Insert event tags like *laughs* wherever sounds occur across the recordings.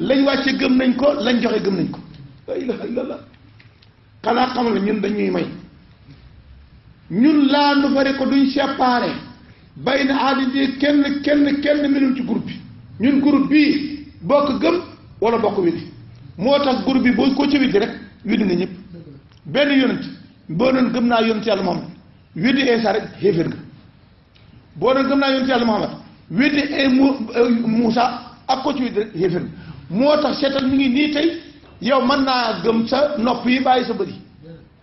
lañ wàcce gëm nañ ko lañ joxe gëm nañ ko la ilaha illallah xanaa xamal la ñun dañuy may ñun laa nu fare ko duñ séparé bay na aadidi kenn kenn kenn minum ci groupe bi ñun groupe bii bokk gëm wala bokk wéddi moo tax groupe bi boo ko ci wéddi rek wéddi nga ñëpp benn yonent boo doon gëm naa yonent yàlla Muhammad wéddi Iisaa rek xéeféer boo doon gëm naa yonent yàlla Muhammad wéddi Muusa ak ko ci wéddi rek xéeféer nga moo tax seetal mi ngi nii tey yow mën naa gëm sa nopp yi bàyyi sa bëri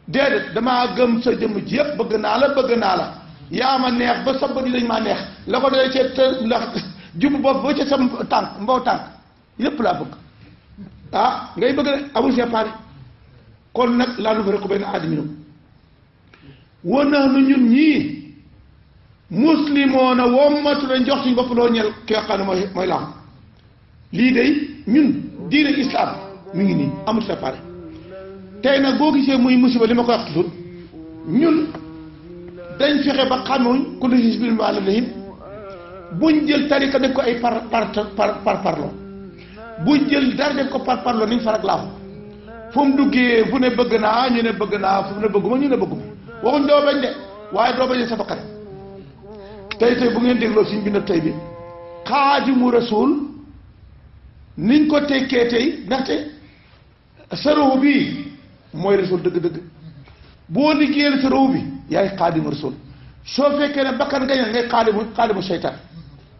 déedéet damaa gëm sa jëmm ji yëpp bëgg naa la bëgg naa la yaa ma neex ba sa bëri dañ maa neex la ko doy cee te ndax jubu bopp ba ca sa tànk mbaw tànk yëpp laa bëgg ah ngay bëgg ne amul séparé kon nag laa nu fa rek benn aadami ñëw woon na nu ñun ñii muslimoona wommatu la njox suñu bopp loo ñel ki nga xam ne mooy mooy laam lii day ñun diine islam mi ngi nii amul séparé tey nag boo gisee muy musiba li ma koy wax toujours ñun dañ fexe ba xamewuñ ku ne si biir maanaam la buñ jël tarika def ko ay par par par parlo buñ jël dara def ko par parlo niñ farak laaw fu mu duggee bu ne bëgg naa ñu ne bëgg naa fu ne bëgguma ñu ne bëgguma waxuñ doo bañ de waaye doo bañ de sa bakkan tey tey bu ngeen dégloo siñ bi na tey bi xaadimu rasul niñ ko tekkee tey ndaxte sa ruux bii mooy rasul dëgg-dëgg boo liggéeyal sa ruux bi yaay xaadimu rasul soo fekkee ne bakkan nga ñaan ngay xaadimu xaadimu seytaan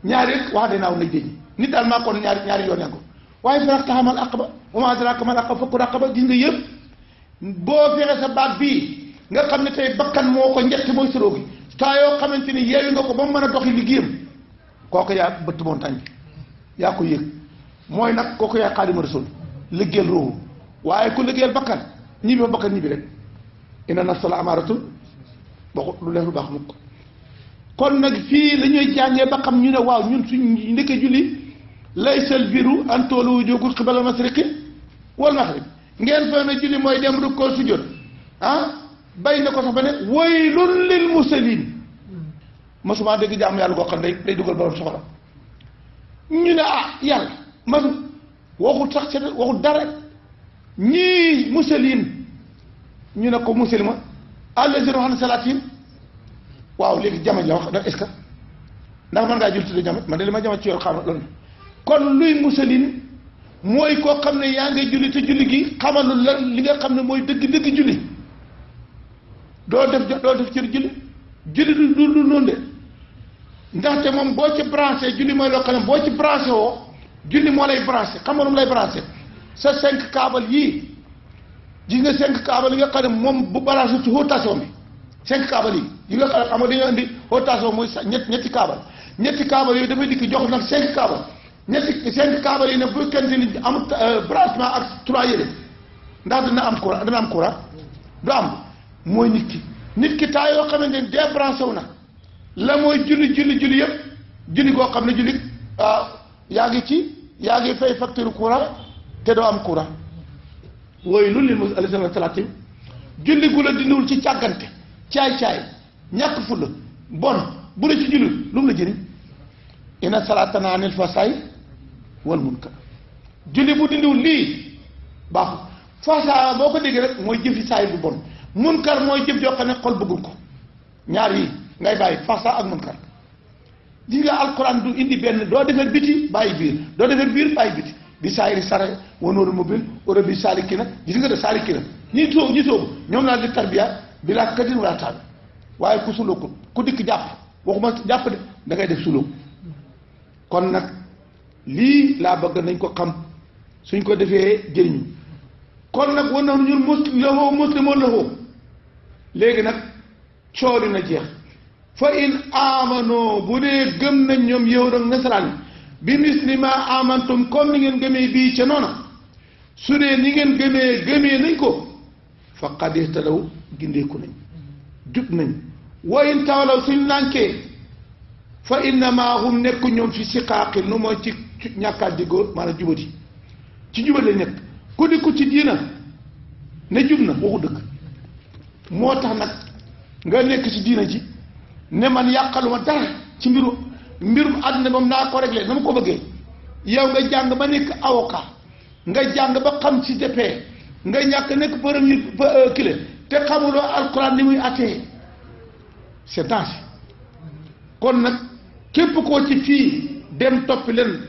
ñaari wax dinaaw na jëñ nit daal maa ko ñaari ñaari ko waaye farax taxamal aqaba wa ma adraka mal aqaba fukk raqaba gis nga yëpp boo fexe sa baat bii nga xam ne tey bakkan moo ko njëkk mooy sa ruux yoo xamante ni yeewi nga ko ba mu mën a doxi liggéeyam kooku yaa bëtt montagne bi yaa ko yëg mooy nag kooku yaay xaadima rasul liggéeyal ruuxu waaye ko liggéeyal bakkan ñibbi ba bakkan ñibbi rek inna nafsa la amaaratul boo du def lu baax mukk kon nag fii la ñuy jàngee ba xam ñu ne waaw ñun suñ ndeke julli laysal biru an toolu wujuukum qibala masriqi wal maghrib ngeen fay na julli mooy dem rukkoo sujjóot ah bay na ko sax ba ne waylun lil musallin mosuma dégg jàmm yàlla goo xam day day dugal borom soxla ñu ne ah yàlla masut waxul sax ci waxul dara ñii musaliin ñu ne ko musalima ma àll na salaatin waaw léegi jamañ la wax da est-ce que ndax mën ngaa jul tudd jamañ man de li ma jamañ ci yoon xamal la kon luy musalin mooy koo xam ne yaa ngay julli te julli gi xamalul lan li nga xam ne mooy dëgg dëgg julli doo def doo def cër julli julli du du noonu de ndaxte moom boo ci branché julli mooy loo xam ne boo ci branché woo junni moo lay branché xam nga nu mu lay branché sa cinq kaabal yii ji nga cinq câble yi nga xam ne moom bu branché ci haute tension bi cinq câble yi yi nga xam ne dañoo indi haute tension mooy ñetti ñetti câble ñetti câble yooyu dafay dikk jox nag cinq câble ñetti cinq câble yi nag bu fekkente ni am euh, branchement ak trois yële ndax dina am courant dina am courant du mooy nit ki nit ki taa yoo xamante ni débranché wu na la mooy julli julli julli yëpp julli goo xam ne julli ah, yaa ngi ci. yaa ngi fay facture courant te doo am courant wooyu lu lil mos alisana talatim julli gu la dindiwul ci càggante caay-caay ñàkk fulla bon bu la ci julli lu mu la jëriñ ina salaatana anil fasaay wal munkar julli bu dindiwul lii baaxul fasaa boo ko déggee rek mooy jëfi saay bu bon munkar mooy jëf joo xam ne xol bëggul ko ñaar yi ngay bàyyi fasaa ak munkar di nga alquran du indi benn doo defar biti bàyyi biir doo defar biir bàyyi biti bi saayiri sare wanooru mobile oro bi saali kina gis nga de saali kina ñi sóobu ñi sóobu ñoom naa di tarbiya bi laa kadin wala taal waaye ku sulukut ku dikk jàpp waxuma jàpp de da ngay def suluk kon nag lii laa bëgg nañ ko xam suñ ko defee jëriñu kon nag war na ñun mus lawoo muslimoo lawoo léegi nag cooli na jeex fa in aamano bu dee gëm nañ ñoom yahud ak nasaraan bi mislima amantum comme ni ngeen gëmee bii ca noona su dee ni ngeen gëmee gëmee nañ ko fa qad ihtadaw gindeeku nañ jub nañ wa in tawalaw suñ lànkee fa innama hum nekku ñoom fi siqaaqi nu mooy ci ñàkkaat digoo maanaam jubati ci jubale nekk ku di ci diina ne jub na waxu dëgg moo tax nag nga nekk ci diina ji ne man yàqaluma dara ci mbiru mbirum àdduna moom naa ko réglé na ma ko bëggee yow nga jàng ba nekk avocat nga jàng ba xam ci dépee nga ñàkk nekk premier euh, kile te xamuloo alquran ni muy attee c'est dangereux kon nag képp ko ci fii dem toppi leen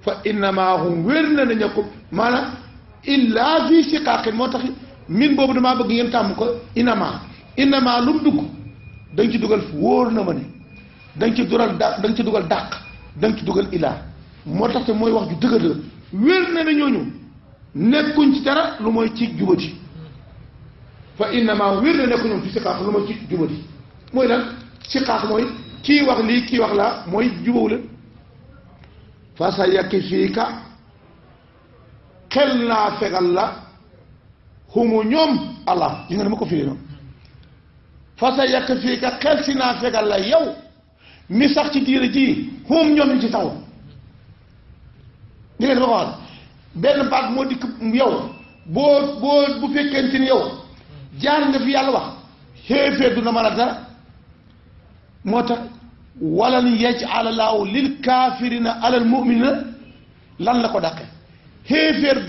fa innama hum wér na ne ñakkum maanaam illa fi siqaaqin moo tax min boobu damaa bëgg ngeen tàmm ko innama innama lu mu dugg dañ ci dugal wóor na ma ni dañ ci dugal dàq dañ ci dugal dàq dañ ci dugal ilaa moo tax te mooy wax ju dëgër la wér na ne ñooñu nekkuñ ci dara lu mooy ci jubati fa innama wér na nekkuñu ci siqaax lu mooy ci jubati mooy lan siqaax mooy kii wax lii kii wax laa mooy jubawu la fa sa yàkki fii ka xel naa fegal la xumu ñoom allah yi nga ne ma ko firi noonu fa sa yàq fii ka xel si naa fegal la yow mi sax ci diir ji xum ñoom ñu ci taw li nga dafa ko wax benn baat moo dikk yow boo boo bu fekkente ni yow jaar nga fi yàlla wax xéefee du na mën a dara moo tax walan yajala laahu lil kaafirina alal muminina lan la ko dàqe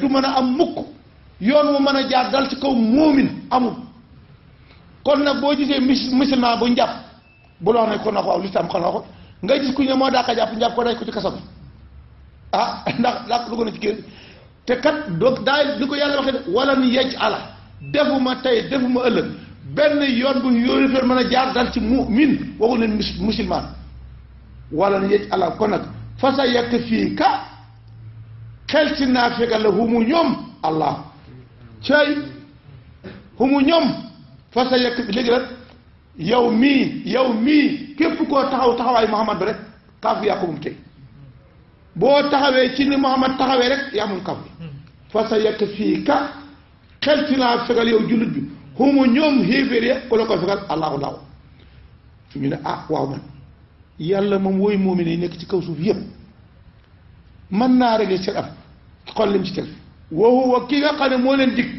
mën a am mukk yoon mu mën a jaar dal ci kaw muumin amul kon nag boo gisee musulman bu njàpp bu loo ne ko na ko waaw lislaam xanaa ko nga gis ku ñu moo ko ci kaso ah, *laughs* ndax ndax lu ko ci génn te kat doog daay ko yàlla waxee wala nu yecc ala defuma tey defuma ëllëg benn yoon bu mën a jaar dal ci mu'min waxu leen musulman wala nu yecc ala kon nag fa sa yekk fii ka xel ci naa la humu ñoom allah cay humu ñoom fa sa yegg léegi nag yow mii yow mii képp ko taxaw taxawaayu Muhammad bi rek kaaf gi yaa ko moom tey boo taxawee ci Muhammad taxawee rek yaa moom kaaf fa sa yegg fii ka xel ci laa fegal yow jullit bi xumu ñoom xéeféer ya ku la ko fegal allahu laaw fi ñu ne ah waaw man yàlla moom wooy moomi yi nekk ci kaw suuf yëpp mën naa régler seen am xol lim ci tel woowu wa kii nga xam ne moo leen dikk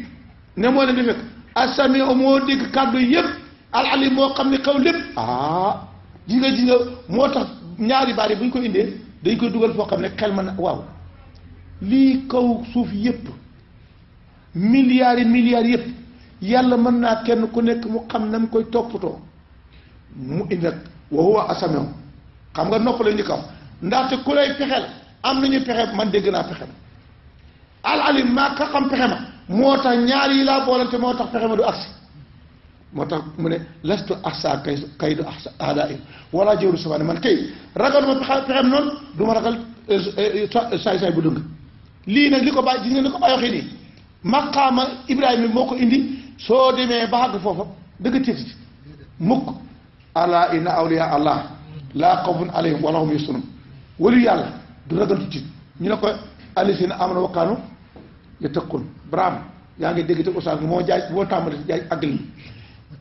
ne moo leen di fekk asami moo dégg kàddu yëpp alalim moo xam ne xaw lépp ah ji nga ji nga moo tax ñaari baari bu ñu ko indee dañ koy dugal foo xam ne xel man waaw lii kaw suuf yëpp milliards yi milliards yëpp yàlla mën naa kenn ku nekk mu xam na mu koy toppatoo mu indi nag wa huwa asamiu xam nga nopp la ñu ko am ndaxte ku lay pexeel am nañu pexe man dégg naa pexe ma al alim maa ka xam pexe ma moo tax ñaar yi laa boolante moo tax pexe ma du agsi moo tax mu ne lastu ahsa kay kay du ahsa aada in wala jëwru subaane man kay ragaluma pexe pexem noonu du ma ragal eh, eh, saay-saay bu dëng lii na li ko bàyyi gis nga li ko bàyyi waxee nii maqaama Ibrahima moo ko indi soo demee ba àgg foofa dëgg tiit mukk ala inna awliya allah laa xawfun alayhim wala hum yasunun walu yàlla du ragal tiit ñu ne ko alisina amana wakkaanu ya tëkkun braam yaa ngi dégg te ustaas bi moo jaaj boo tàmbali jaay àgg li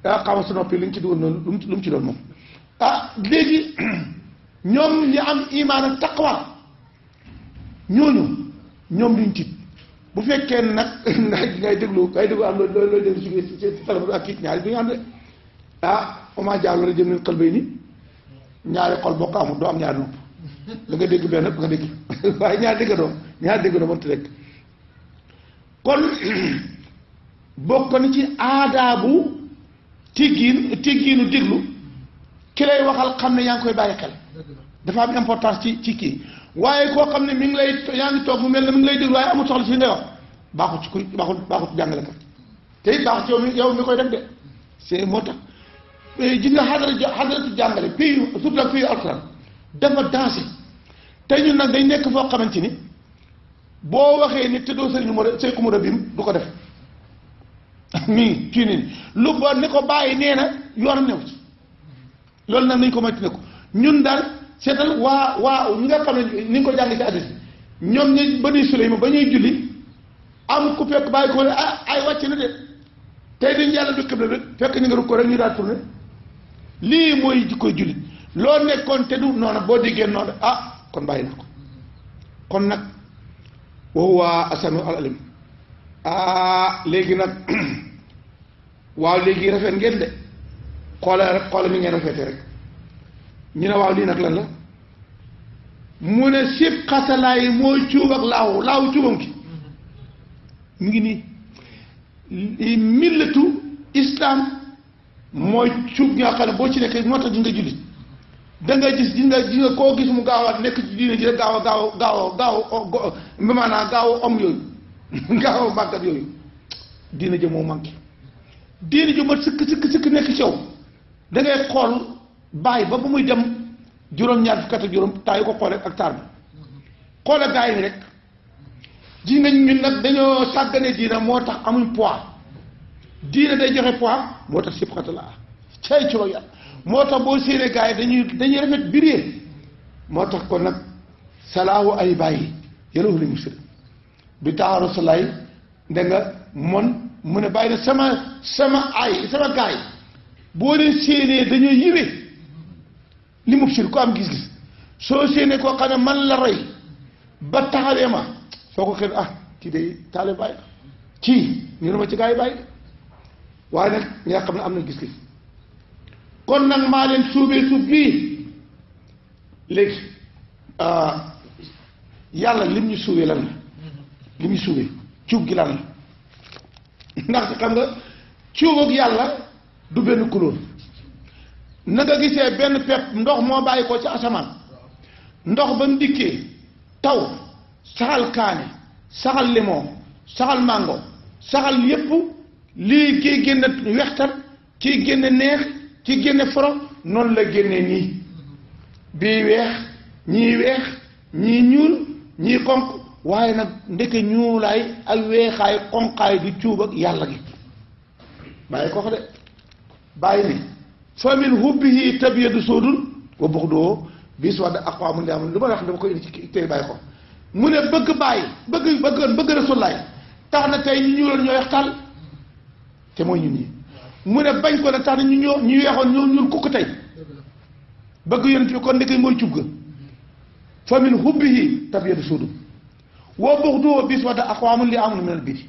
ah xamal sa noppi li mu ci doon noonu lu mu lu ci doon moom ah léegi *clears throat* ñoom ñi am imaan ak taqwa ñooñu ñoom duñ tiit bu fekkee nag *laughs* ngay ngay déglu ngay déglu am loo loo déglu si si téléphone ak kii ñaari du ñu am de ah oma jaalo la jëm leen xel bay ni ñaari xol boo ko amul doo am ñaari nopp da nga dégg benn da nga dégg *laughs* waaye ñaari dégg doom ñaari dégg doom mënut a kon *clears throat* bokk na ci aadaabu teggiin teggiinu déglu ki lay waxal xam ne yaa ngi koy bàyyi xel dafa am importance ci ci kii waaye koo xam ne mi ngi lay yaa ngi toog mu mel ne mi ngi lay déglu waaye amul soxla fi ngay wax baaxut ci ku baaxut baaxut jàngale ko te it baaxut yow mi yow mi koy def de c'est moo tax eh, gis nga xadara xadaratu jàngale pays surtout ak pays alxuraan dafa dansé te ñu nag dañ nekk foo xamante ni boo waxee nit te doo sëriñu mu sëy ku mu rabim du ko def *laughs* nii kii nii lu ba ni ko bàyyi nee na yoonam new ci loolu nag nañ ko moytu ne ko ñun daal seetal waa waa ñi nga xam ne ni nga ko jàng ci addis ñoom ñu ba nuy ba ñuy julli am ku fekk bàyyi ko ne ah ay wàcc na de tey dañu yàlla du xibla rek fekk ñu nga rug ko rek ñu daal tourné lii mooy jikkoy jullit loo nekkoon te du noonu boo déggee noonu ah kon bàyyi na ko kon nag waxuwa asami al alim ah léegi nag *clears throat* waaw léegi rafet ngeen de xoolal rek xoolal mi ngeen rafete rek ñu ne waaw lii nag lan la mu ne sib xasalaay mooy cuub ak laaw laaw cuubam ki mu ngi nii millatu islam mooy cuub ñoo xam ne boo ci nekkee moo tax di nga jullit da ngay gis gis nga gis nga koo gis mu gaaw nekk ci diine ji rek gaaw a gaaw a gaaw a gaaw a maanaam gaaw a om yooyu *laughs* gaaw a màggat yooyu diine ji moo manqué diine ji ma sikk sikk nekk ci yow xool bàyyi ba ba muy dem juróom-ñaar fukki juróom taa yu ko xoolee ak taar bi xoolee gaa yi rek ji nga ñu nag dañoo sàggane diine moo tax amuñ poids diine day joxe poids moo tax sib xatala cay ci loo yàlla moo tax boo séenee gars yi dañuy dañuy rafet biree moo tax ko nag salaahu ay bàyyi yarahu li muslim bi taaru salay da nga mon mu ne bàyyi na sama sama sama gaay boo leen séenee dañoo yiwee li mubsir ko am gis-gis soo séenee ko xam ne man la rey ba taxawee ma soo ko xen ah kii day taale bàyyi kii ñu ne ma ci gars yi bàyyi nag ñi nga xam ne am na gis-gis kon nag maa leen suubee suuf bii léegi ah, yàlla lim ñu suubee lan la lim ñu suubee cuub gi lan la ndax xam nga cuub yàlla du benn couleur na nga gisee benn pepp ndox moo bàyyi ko ci asamaan ndox ba mu taw saxal kaani saxal limon saxal mango saxal yépp lii kii génn wextar kii génn neex ci génne forom noonu la génne nii bii weex ñii weex ñii ñuul ñii xonq waaye nag ndeke ñuulaay ak weexaay xonqaay du cuub ak yàlla gi bàyyi ko de bàyyi ni famille hubbihi tabyadu soodun wa buxdoo bis wax da aqwaamu li amul lu ma wax dama koy indi ci tey bàyyi ko mu ne bëgg bàyyi bëgg bëggoon bëgg rasulaay tax na tey ñu ñuuloon ñoo weex tàll te mooy ñun ñi mu ne bañ ko ne tax na ñu ñoo ñu weexoon ñoo ñuul kukk tey bëgg yonent bi kon ndeke mooy cub ga fa min hubbihi tabyadu suudu woo buxduhu bis wada aqwaamun li amul minal biri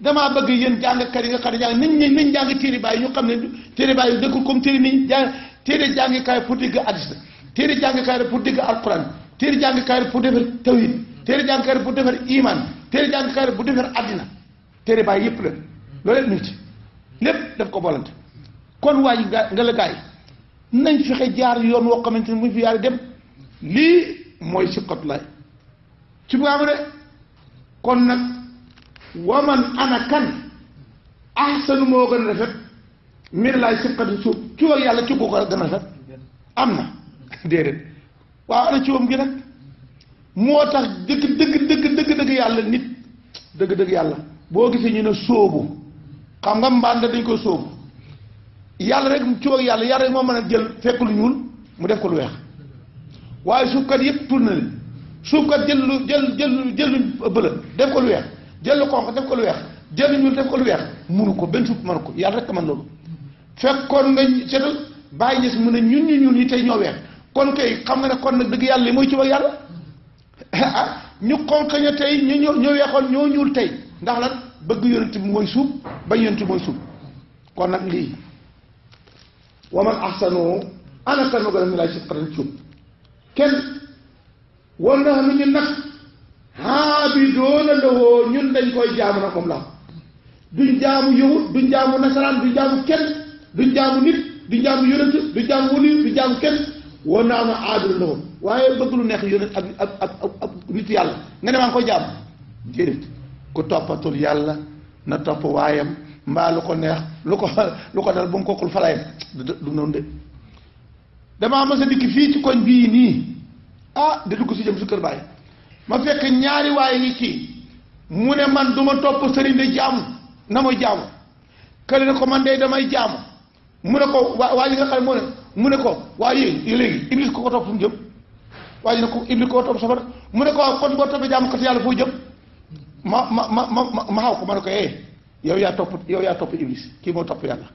damaa bëgg yéen jàngkat yi nga xam ne jàng nañ nañ nañ jàng téere bàyyi ñu xam ne téere bàyyi dëkkul comme téere nii jàng téere jàngikaay pour dégg hadis la téere jàngikaay pour dégg alquran téere jàngikaay pour defar tawhid téere jàngikaay pour defar iman téere jàngikaay pour defar addina téere bàyyi yëpp la loolu yëpp ñu ci lépp def ko volante kon waa ji nga la nañ fexe jaar yoon woo xamante ne buñ fi yaari dem lii mooy siqat lay ci bugaamu de kon nag waman ana kan ahsanu moo gën a rafet min laay siqati suuf ci wag yàlla ci ko gën a rafet am na déedéet waaw ana ci wam gi nag moo tax dëgg dëgg dëgg dëgg dëgg yàlla nit dëgg dëgg yàlla boo gisee ñu ne sóobu xam nga mbaam dañ koy sóobu yàlla rek ci yàlla yàlla rek moo mën a jël fekk lu ñuul mu def ko lu weex waaye suufkat yëpp tur na leen suufkat jël jël jël jël lu def ko lu weex jël lu xonq def ko lu weex jël lu ñuul def ko lu weex munu ko benn suuf mënu ko yàlla rek mën loolu fekkoon nga seetal gis mu ne ñun ñu tey ñoo kon kay xam nga ne kon nag dëgg yàlla li mooy ci wax yàlla *laughs* ah ñu xonq ña tey ñu ñoo ñoo weexoon ñoo ñuul tey ndax lan bëgg yonent bi mooy suub bañ yonent bi mooy suub kon nag lii wa man ahsanu ana kan ma gën a laaj si xaran cuub kenn wal na xam ne ñun nag xaabidoona ñun dañ koy jaamu nag moom la duñ jaamu yowut duñ jaamu nasaraan duñ jaamu kenn duñ jaamu nit duñ jaamu yonent duñ jaamu wali duñ jaamu kenn wan naa ma aabidoo lawoo waaye bëgg lu neex yonent ak ak ak nit yàlla nga ne maa ngi koy jaamu ku toppatul yàlla na topp waayam mbaa lu ko neex lu ko *laughs* lu ko dal bu mu kookul falayam du noonu de damaa mas a dikk ci koñ bii nii ah di dugg si jëm su kër baay ma fekk ñaari waaye ngi kii mu ne man duma ma topp sëriñ de jaamu na ma jaamu kële ne ko man de damay jaamu mu ne ko waa waa ji nga xam mu ne ko waa léegi iblis ko ko topp fu mu jëm waa ne ko iblis ko ko topp safara mu ne ko waaw kon boo toppee jaamu yàlla foo jëm ma ma ma ma ma xaw ko ma ne ko eh yow yaa topp yow yaa topp iblis kii moo topp yàlla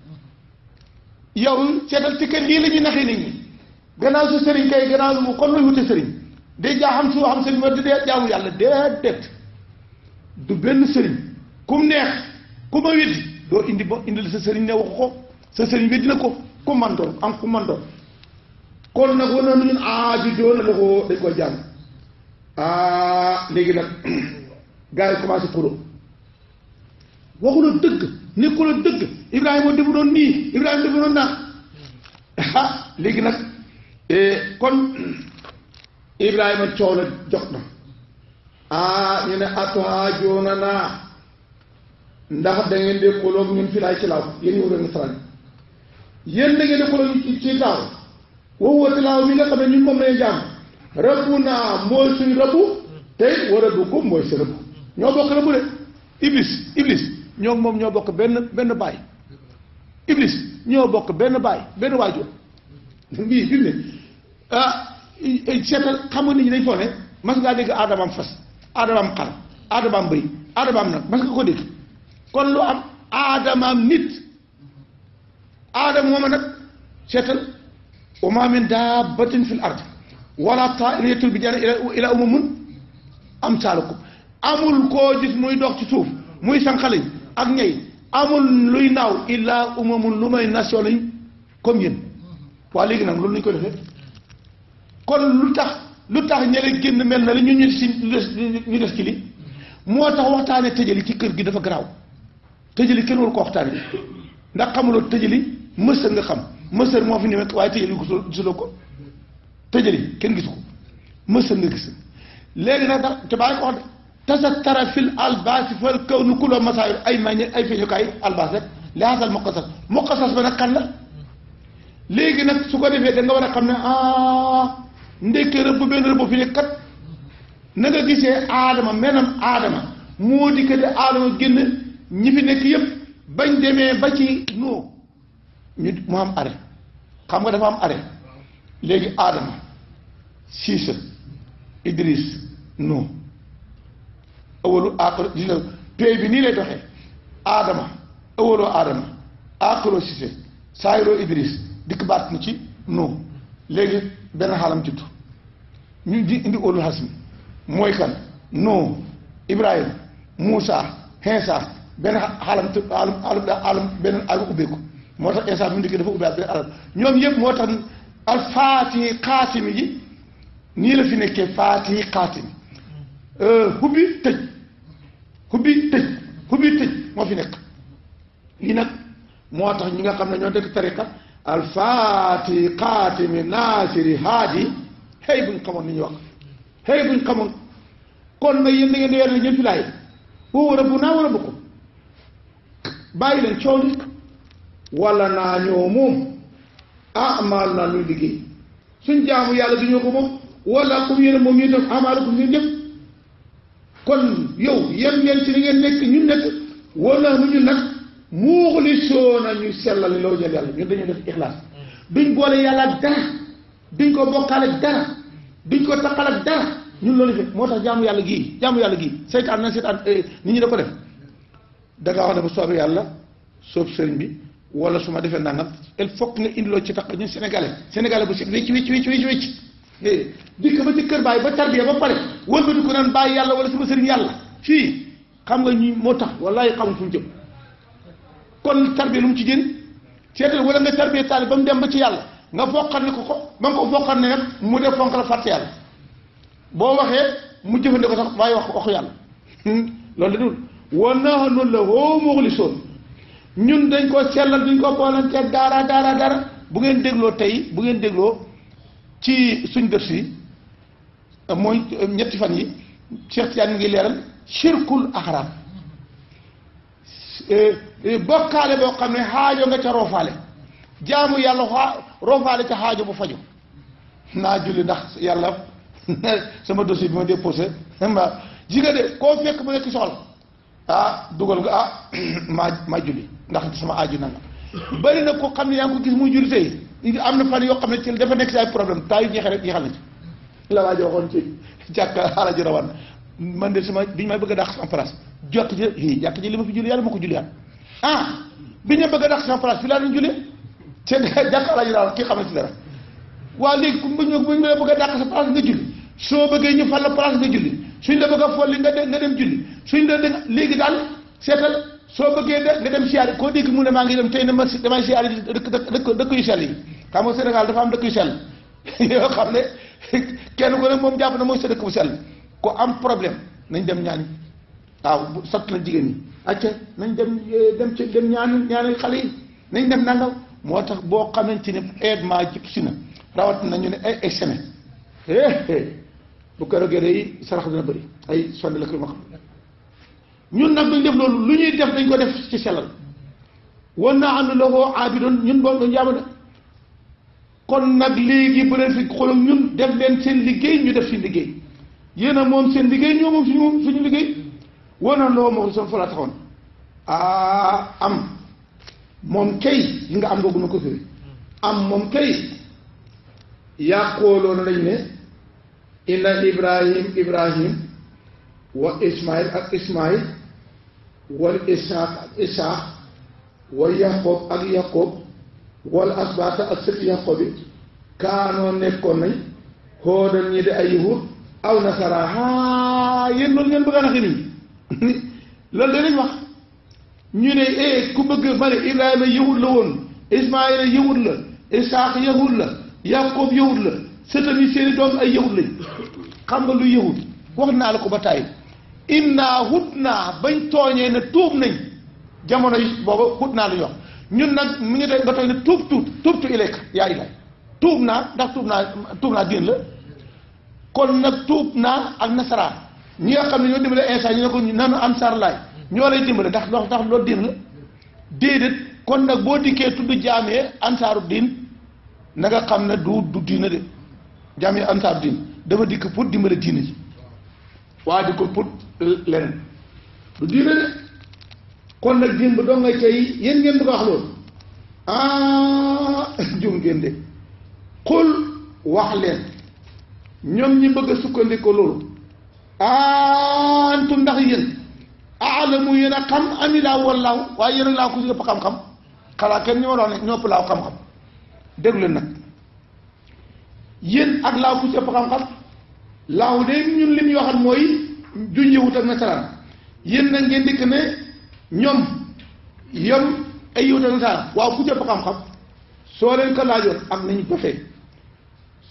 yow seetal ci kër lii la ñuy naxee nit ñi gannaaw su sëriñ kay gannaaw mu kon luy wute sëriñ day jaa xam su xam sëriñ ma di dee jaamu yàlla déedéet du benn sëriñ kum neex ku ma weddi doo indi ba indil sa sëriñ ne waxu ko sa sëriñ weddi na ko ku man doon am ku man doon kon nag war na ñun aajo joo na la ko dañ ko jàng ah léegi nag *clears throat* gars yi commencé waxu waxula dëgg nekkula dëgg Ibrahima defu doon nii Ibrahima defu doon naa ah léegi nag kon Ibrahima coow na jox na ah ñu ne atuhaajuuna naa ndax da ngeen di xuloo ñun fi laay ci laaw yéen yow doon faral yéen da ngeen di xuloo ñu ci laaw woowu laaw mi nga xam ne ñun moom lañu jàng rabbu naa mooy suñu rabbu tey a dugg mooy sa rabbu ñoo bokk rëbb de iblis iblis ñoo moom ñoo bokk benn benn baay iblis ñoo bokk benn baay benn waajur mbii fi mu ah, seetal xam nga nit ñi dañ foo ne mas ngaa dégg aadamaam fas aadamaam xar aadamaam bëy aadamaam nag mas ko dégg kon lu am aadamaam nit aadam mooma nag seetal wa maa min daabatin fi l ard wala taa'irin yatiiru bi janaahihi illaa umamun amsaalukum amul koo gis muy dox ci suuf muy sànqaliñ ak ñey amul luy naaw illaa umamul lu may nation lañ comme yéen waa léegi nag loolu lañ koy defee lu tax lu tax ñële génn mel na li ñu ñu ñu des ci li moo tax waxtaane tëjali ci kër gi dafa garaaw tëjali kenn ko waxtaane ndax xamuloo tëjali mësër nga xam mësër moo fi ne waaye tëjali gisuloo ko tëjali kenn gisu ko mësër nga gis léegi nag tax te bàyyi ko wax تستر في الالباس في الكون كل مسائل اي ما اي في حكاية الباس لهذا المقصص مقصص من كان لا ليك نك سوكو ديفي دا ورا خامنا اه نديك رب بين رب في كات نغا غيسي ادم منم ادم مودي كد ادم ген ني في نك ييب باج ديمي با سي نو نيت مو ام اري خام نغا دا ام اري ليك ادم سيسه ادريس نو awalu aaxiru gis bi nii lay doxee aadama awaloo aadama aaxiroo Cissé saayiroo Idris dikk baat na ci noo léegi benn xaalam juddu ñu di indi óolu xasmi mooy kan noo Ibrahima Moussa Hinsa benn xaalam të xaalam xaalam daa xaalam beneen alam ubbeeku moo tax Insa bi mu dikkee dafa ubbeeku beneen alam ñoom yëpp moo tax alfaati xaasimi yi nii la fi nekkee faati xaasimi euh, ubbi tëj. ku bi tëj ku bi moo fi nekk lii nag moo tax ñi nga xam ne ñoo dëkk tariqa alfaati xaatimi naasiri haadi xëy buñ xamoon ni ñuy wax xëy buñ xamoon kon nag yéen da ngeen di yore ñëpp laay woo rëbb naa wala bëgg ko bàyyi leen coow li wala naa ñoo moom ah amaal naa luy liggéey suñ jaamu yàlla du ñoo ko moom wala comme yéen moom yéen tam amaal ko kon yow yem ngeen ci li ngeen nekk ñun nekk wóor naa ñu nag muxlisoona ñu sellal loo jël yàlla ñun dañu def ixlaas duñ boole yàlla ak dara duñ ko bokkaal ak dara duñ ko taqal ak dara ñun loolu fekk moo tax jaamu yàlla gii jaamu yàlla gii saytaan na saytaan eh, nit ñi da def da ngaa wax ne bu yàlla soob sëriñ bi wala su ma defee nangam il faut que nga indiloo ci tax ñun sénégalais sénégalais bu si wécc wécc wécc wécc wécc eh, dikk ba ci kër baay ba tarbiya ba pare wëlbati ko naan bàyyi yàlla wala sama sëriñ yàlla fii xam nga ñu moo tax walla xam fu mu jëm kon tarbiya lu mu ci génn seetal wala nga tarbiya taali ba mu dem ba ci yàlla nga foqar ne ko ko ba nga ko foqar ne nag mu def fonk la fàtte yàlla boo waxee mu ko sax waaye wax waxu yàlla *laughs* loolu la dul wa nahnu lahu muxlisoon ñun dañ ko sellal duñ ko boolante dara dara dara bu ngeen dégloo tey bu ngeen dégloo ci suñ dër si mooy euh, ñetti fan yi Cheikh Tidiane mi ngi leeral shirkul axram euh, euh, bokkaale boo xam ne xaajo nga ca roofaale jaamu yàlla xaa roofaale ca xaajo bu faju naa julli ndax yàlla *laughs* sama dossier bi ma déposé ma ji nga de koo fekk mu nekk soxla ah dugal nga ah *clears throat* maa maa julli ndax sama aaju na nga bëri xam ne yaa ngi ko gis muy julli tey am na fan yoo xam ne ci dafa nekk si ay problème taa yu jeexee rek jeexal na ci la waa ji waxoon ci jàkka alaji rawan man de bi biñu may bëgg a dàq sama place jot ji lii jàkk ji li ma fi julli yàlla ma ko julliyaat ah bi ma bëgg a dàq sama place fi laa doon jullee te jàkk alaji rawan waa léegi ku buñ buñ ma bëgg a dàq sa place nga julli soo bëggee ñu fal la place nga julli suñ la bëgg a folli nga dem nga dem julli suñ la dem léegi daal seetal soo bëggee de nga dem siyaari koo dégg mu ne maa ngi dem tey ne ma damay siyaari dëkk dëkk dëkk yu sell yi xam nga Sénégal dafa am dëkk yu sell *laughs* yoo xam ne *laughs* kenn ko ne moom jàpp na mooy sa dëkk bu am problème nañ dem ñaani waaw sott na jigéen ñi acca nañ dem eh, dem ci dem ñaani ñaani xale yi nañ dem nangaw moo tax boo xamante ni aidement jib si na rawat nañu ne ay examen eh, eh, bu ko rogee day sarax dina bëri ay sonde la ko ma xam ñun nag duñ def loolu lu ñuy def dañ ko def ci sellal wan naa am na loxoo aabi doon ñun boobu dañ jàpp kon nag léegi bu leen fi xoolal ñun def leen seen liggéey ñu def seen liggéey yéen a moom seen liggéey ñoo moom suñu suñu liggéey wana loo moom seen fa taxoon ah am moom kay li nga am googu ma ko fi am moom kay yàqoo loolu lañ ne inna ibrahim ibrahim wa ismail ak ismail wal ishaq ak ishaq wa ak yaqoob والأسباط أسرية قبيل كانوا نكوني هو دنيا أيه أو نصارى ها ينون ينبغانا غني لذلك ما نيرة إيه كبر قبل إبراهيم يهود لون إسماعيل يهود ل إسحاق يهود ل يعقوب يهود ل سيدنا سيدنا دوم أيهود ل كم دول يهود وقنا على كبتاي إن هودنا بنتوني نتوبني جمعنا بابا هودنا ليه ñun nag mu ngi doon ba tey ne tuub tuub tuub tu ilay yaa ilay tuub naa ndax tuub naa tuub naa diin la kon nag tuub naa ak nasaraan ñi nga xam ne ñoo dimbale Insa ñu ne ko nanu am sar ñoo lay dimbale ndax ndax ndax loolu diin la déedéet kon nag boo dikkee tudd jaamee ansaaru diin na nga xam ne du du diina de jaamee ansaaru diin dafa dikk pour dimbale diina ji waa di ko pour leneen du diina de kon nag dimb doo nga cay yéen ngeen di ko wax loolu ah *laughs* jum ngeen de xul wax leen ñoom ñi bëgg a sukkandiku loolu ah, antum ndax yéen aalamu yéen a xam ami laa wallaaw laaw xam-xam ak laaw ku si ëpp xam-xam laaw de ñun li ñu waxoon mooy junjewut ak nasaraan yéen na ngeen dikk ne ñoom yom ay yuuta nasaara waaw ku jëpp xam-xam soo leen ko laajoon ak nañu ko fee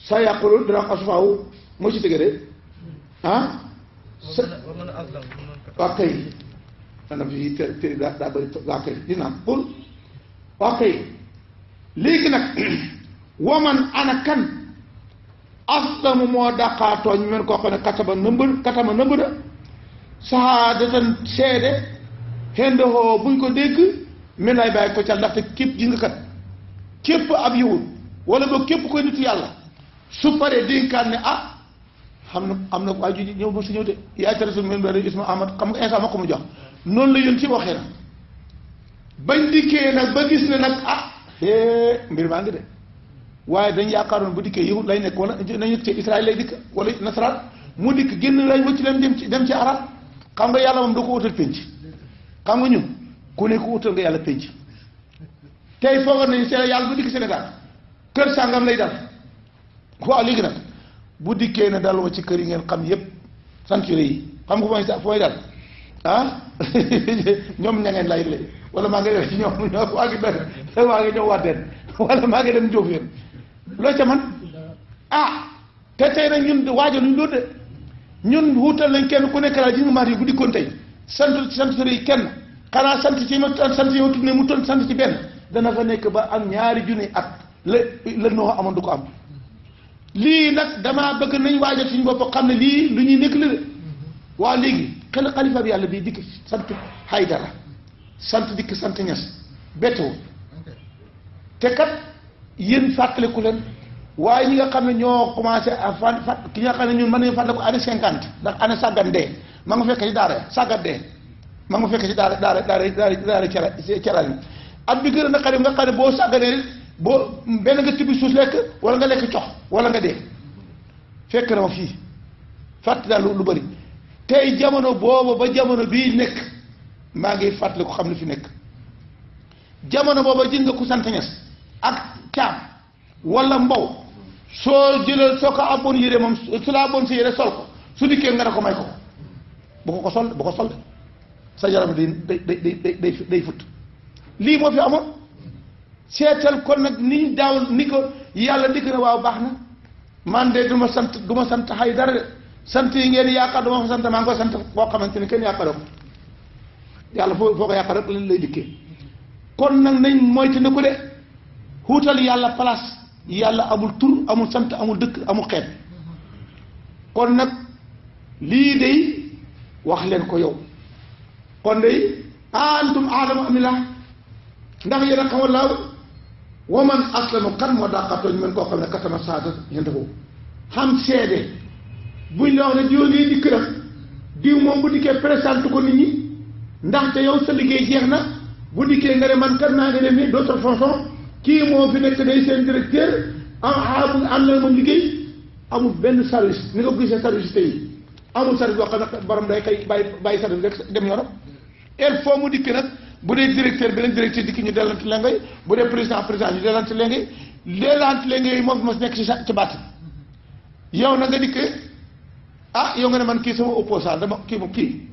sa yàqulu dana asufaawu moo ci tëgg de ah sa fii tër tër daa daa bëri waa kay dina pour waa léegi nag *clears throat* waman ana kan aslamu moo dàqaatooñ men koo xam ne katama nëmb katama nëmb da seede xendoxoo buñ ko dégg mel naay bàyyi ko ca ndaxte képp ji nga kat képp ab yowul wala boog képp koy nitu yàlla su paree dénkaan ne ah xam na am na waa ju ñëw ba si ñëw de yaay te suñu mel ba isma ahmad xam nga ko mu jox noon la yéen ci waxee nag bañ dikkee nag ba gis ne nag ah hee eh, mbir maa ngi de waaye dañ yaakaaroon bu dikkee yahud lay nekk wala nañu ci israël lay dikk wala nasaraan mu dikk génn lañ wëcc leen dem ci dem ci arab xam nga yàlla moom da ko wutal pénc xam nga ñun ku ne ku utal nga yàlla penc tey foogoon nañu Sénégal yàlla bu dikk Sénégal kër sàngam lay dal waaw léegi nag bu dikkee ne daluma ci kër yi ngeen xam yépp century yi xam nga fooy fooy dal ah *laughs* ñoom ñangeen lay lay wala maa ngi dem ñoom ñoom waa ngi dem waa ngi ñëw wàddeen wala maa loo ca man ah te tey nag ñun waajal ñu loolu de ñun wuutal nañ kenn ku nekk daal gis nga maat yi bu dikkoon tey. sant sant sëriñ kenn xanaa sant ci ma sant yi ma tudd mu toon sant ci benn dana fa nekk ba am ñaari junni at la la noo amoon du ko am lii nag damaa bëgg nañ waajal suñu bopp xam ne lii lu ñuy nekk la de waaw léegi xel xalifa bi yàlla bii dikk sant Haydara sant dikk sant ñas betoo te kat yéen fàttaliku leen waaye ñi nga xam ne ñoo commencé à fàtt ki nga xam ne ñun mën nañu fàttaliku année cinquante ndax année sàggan dee ma nga fekk ci daara ma nga fekk ci daara daara daara daara daara cera cerali a naqari nga boo sàgganee boo benn nga tibb suuf lekk wala nga lekk cox wala nga dee na ma fii fàtt lu bëri tey jamono booba ba jamono bii nekk maa ngi fàttali ko xam ne fi nekk jamono booba jën nga ku sant ñes ak caam wala mbaw soo jëlal soo ko abboon yére moom su la abboon sa yére sol ko su dikkee nga ne ko may ko bu ko ko sol bu ko sol sa yaram day day day day day fut lii moo fi amoon seetal kon nag niñ daaw ni ko yàlla dikk na waaw baax na man de du ma sant du ma sant xay dara de sant yi ngeen yaakaar du ma sant maa ngi koy sant boo xamante ni kenn yaakaaroo ko yàlla foo foo ko yaakaar rek lay dikkee kon nag nañ moytu ne ko de xuutal yàlla place yàlla amul tur amul sant amul dëkk amul xeet kon nag lii day واخلن كو يوم كون داي انتم اعلم ام لا ندخ يرا خو الله ومن اسلم كان مداقته من كو خمن كتم ساد ينتبو خام سيدي بو لو نه جولي دي كره ديو موم بو ديكي بريسانت كو نيت ني ندخ تا يوم سليغي جيخنا بو ديكي نري من كان ناغي لي مي دوتر فاصون كي مو في نك داي سين ديريكتور ام حاب ان لا مو ليغي amul benn service ni nga gisee service tey amul service boo xam ne borom day kay bàyyi bàyyi service rek dem yoonam il faut mu dikk nag bu dee directeur bi leen directeur dikk ñu dellanti lengay bu dee président président ñu dellanti lengay dellanti lengay moom mos nekk ci sa ci na nga dikk ah yow nga ne man kii sama opposant dama kii moom kii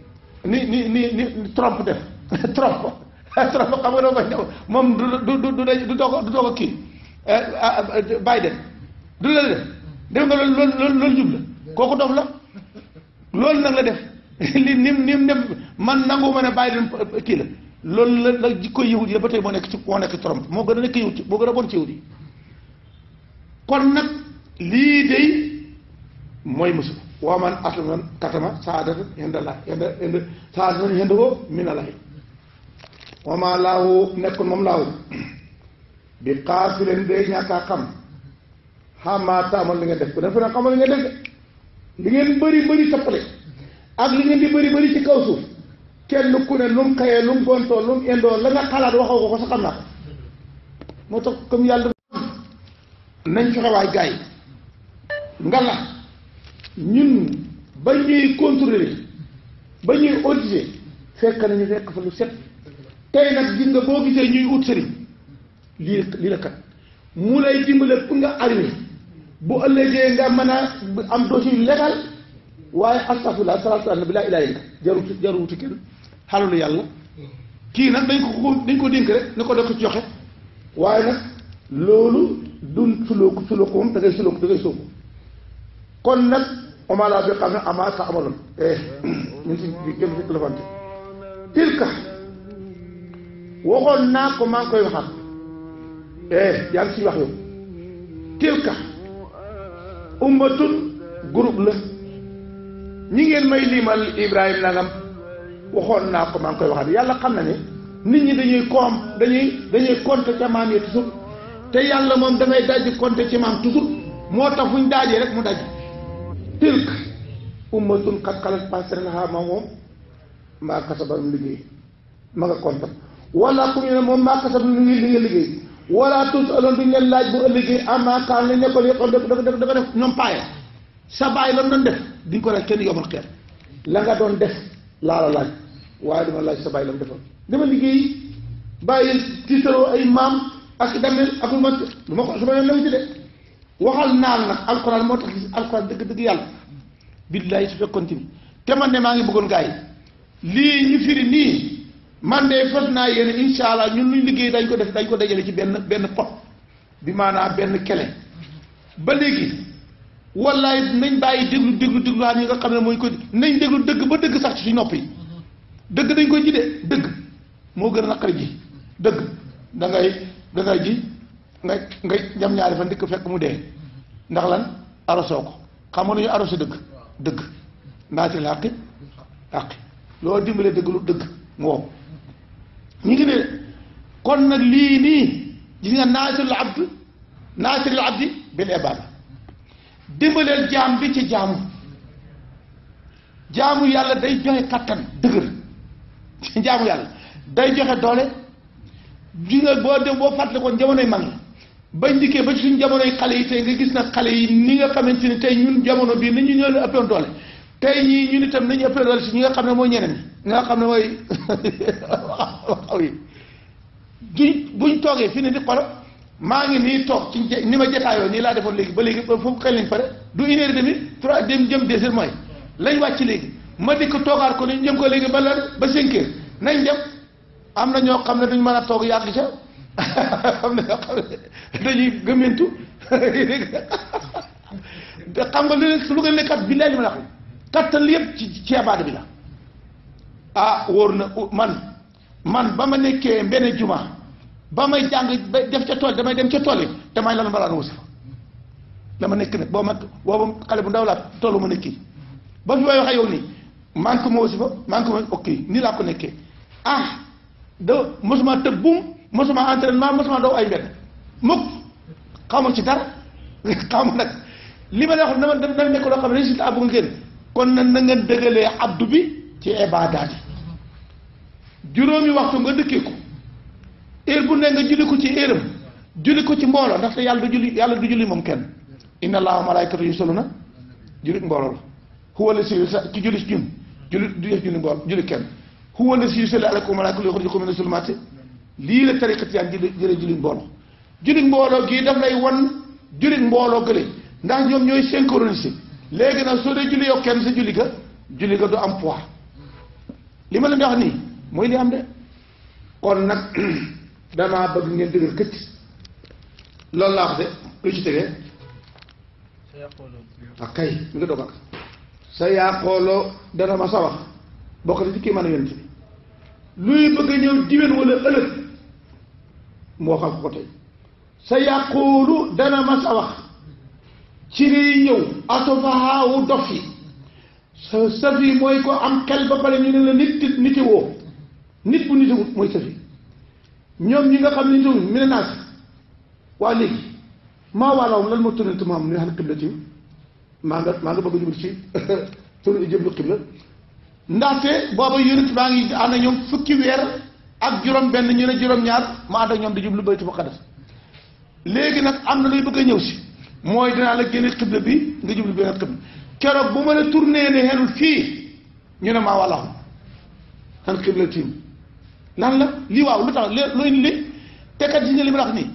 ni ni ni ni Trump def *laughs* Trump *laughs* Trump xam nga doo ko ñëw moom du du du doo doog du doog a kii eh, ah, ah, Biden du la def def nga loolu loolu loolu jub la kooku dof la. loolu nag la def *laughs* li nim nim ne man nangu ma ne bàyyi kii la loolu la la jikkoo yahud yi la ba tey boo nekk ci moo nekk trompe moo gën a nekk yahud moo gën a bon ci yahud kon nag lii day mooy musu waa man aslaman katama saadatan indallah ind ind saadatan indoo minallahi wa ma laahu nekkul moom laahu bi xaas fi leen day ñàkkaa xam xamaa taamal li nga def ku ne fu ne xamal li nga def li ngeen bëri bëri tappale ak li ngeen di bëri bëri ci kaw suuf kenn ku ne lu mu xëyee lu mu gontoo lu mu indoo la nga xalaat waxoo ko ko sa xam naa ko moo tax comme yàlla nañ fexe waay gars yi nga la ñun ba ñuy contrôler ba ñuy auditer fekk nañu fekk fa lu set tey nag gis nga boo gisee ñuy ut sëriñ lii la kat mu lay dimbale pour nga arrivé bu ëllëgee nga mën a am dossier légal waaye astafurlah salaatu ala nabi laa ilaaha illa jaru jaru wuti kenn xalalu yàlla kii nag dañ ko dañ ko dénk rek ko def ci joxe waaye nag loolu dun sulooku sulooku moom da sulooku da ngay kon nag omala eh, *coughs* bi xam ne ama sa amaloon eh si kenn si ko tilka ummatun groupe la ñi ngeen may limal Ibrahima nangam waxoon naa ko maa ngi koy waxaat yàlla xam na ne nit ñi dañuy koom dañuy dañuy compter ca maam yi toujours te yàlla moom damay dajji compter ci maam toujours moo tax fu ñu daajee rek mu daj tilk ummatun xat xalat passé lahaa ma moom maa kasabat liggéey ma nga compter wala ku ñu ne moom maa kasabat liggéey li nga liggéey wala tuus aloon bi leen laaj bu ëllëgee ama kaan la ñekkoon yokkoon def def da ko def ñoom paaya sa baay la doon ko def kenn yomal xeer la nga doon def laa la laaj waaye dama laaj sa baay la mu defoon dama liggéey bàyyi tiitaroo ay maam ak damel ak ma lu ma ko su ma yoon naw ci de waxal naan nag alxuraan moo tax alxuraan dëgg dëgg yàlla billaay su fekkoon te man ne maa ngi bëggoon gars yi lii ñu firi nii man de fas naa yéene incha allah ñun luñ liggéey dañ ko def dañ ko dajale ci benn benn pot bi maanaam benn kele ba léegi wallaay nañ bàyyi déglu déglu déglu xaar ñi nga xam ne mooy ko nañ déglu dëgg ba dëgg sax ci suñu nopp yi dëgg dañ koy ji de dëgg moo gën a naqari ji dëgg da ngay da ngay ji nga nga ñaari fan dikk fekk mu dee ndax lan arosoo ko xam nga ñu arosé dëgg dëgg naati làqi làqi loolu dimbale dëgg lu dëgg mu ñu ngi ne kon nag lii nii gis nga naasirul abd naasirul abdi bil ibaada dimbaleel jaam bi ci jaamu jaamu yàlla day joxe kattan dëgër *laughs* jaamu yàlla day joxe doole gis nga boo dem boo fàttali ko jamonoy mag la bañ dikkee ba ci suñ jamonoy xale yi tey nga gis na xale yi ni nga xamante ni tey ñun jamono bii ni ñu ñoo leen doole tey ñii ñun itam nañu ëppoon doole si ñi nga xam ne mooy ñeneen ñi nga xam ne mooy *laughs* wax aw yi duñ buñ toogee fii ne di xolo maa ngi nii toog ci ni ma jataayoo nii laa defoon léegi ba léegi ba foofu kañ lañ pare du une heure demi trois dem jëm deux heures mooy lañ wàcc léegi ma di ko toogaat ko ni jëm ko léegi ba lan ba cinq nañ dem am na ñoo xam ne duñ mën a toog yàgg ca *laughs* am na ñoo xam ne dañuy gëmmentu *laughs* xam nga lu lu nga nekkat billaay li ma la xam kattan li yëpp ci ceebaat bi la ah wóor na man man ba ma nekkee mbenn juma ba may jàng ba def ca tool damay dem ca tool yi damay lal mbalaan wusi fa la ma nekk nag boo mag boobu xale bu ndaw laa tollu ma nekki ba fi may waxee yow nii manque ma wusi fa manque ok nii laa ko nekkee ah da mosuma tëb buum mosuma entraînement mosuma daw ay mbedd mukk xaw ma ci dara *laughs* xaw nag li ma la dama dama nekk loo xam ne résultat bu nga génn kon na na ngeen dëgalee abdu bi ci ibaadaat yi juróomi waxtu nga dëkkee ko heure bu ne nga julli ko ci heure am julli ko ci mbooloo ndaxte yàlla du julli yàlla du julli moom kenn inna allaha malaykatu yusalluna jullit mbooloo la huwa la si sa ci julli si ñun jullit du def julli mbooloo julli kenn huwa la si yusalli alaykum malaykatu yukhrijukum mina zulumaati lii la tariqati yaan jële jële jullit mbooloo jullit mbooloo gii daf lay won jullit mbooloo gële ndax ñoom ñooy synchronisé léegi nag soo dee julli yow kenn sa julli ga julli ga du am poids li ma leen di wax nii mooy li am de kon nag *clears throat* damaa bëgg ngeen dëgër këcc loolu laa wax de lu ci tegee ak kay mi nga doog ak sa yàqooloo dana ma sa wax bokk na ci kii mën a yonent bi luy bëgg a ñëw diwen wala ëllëg moo xam ko tey sa yàqoolu dana ma sa wax ci liy ñëw atofahaawu dof yi sa saf yi mooy ko am xel ba ñu ne la nit niti nit bu nitewut mooy sëfi ñoom ñi nga xam ne nitewut mi ne naas waa léegi maa waalaawum lan moo tourné maam ni xam xibla tiw maa nga maa nga bëgg a jubal ci tourné jëblu xibla ndaxte booba yonent maa ngi ànd ak ñoom fukki weer ak juróom benn ñu ne juróom-ñaar ma ànd ak ñoom di jublu baytu maqaddas léegi nag am na luy bëgg a ñëw si mooy dinaa la génne xibla bi nga jublu beneen xibla keroog bu ma la tourné ne xenul fii ñu ne maa waalaawum xan xibla tiw lan la lii waaw lu tax lu indi li te kat gis nga li ma wax nii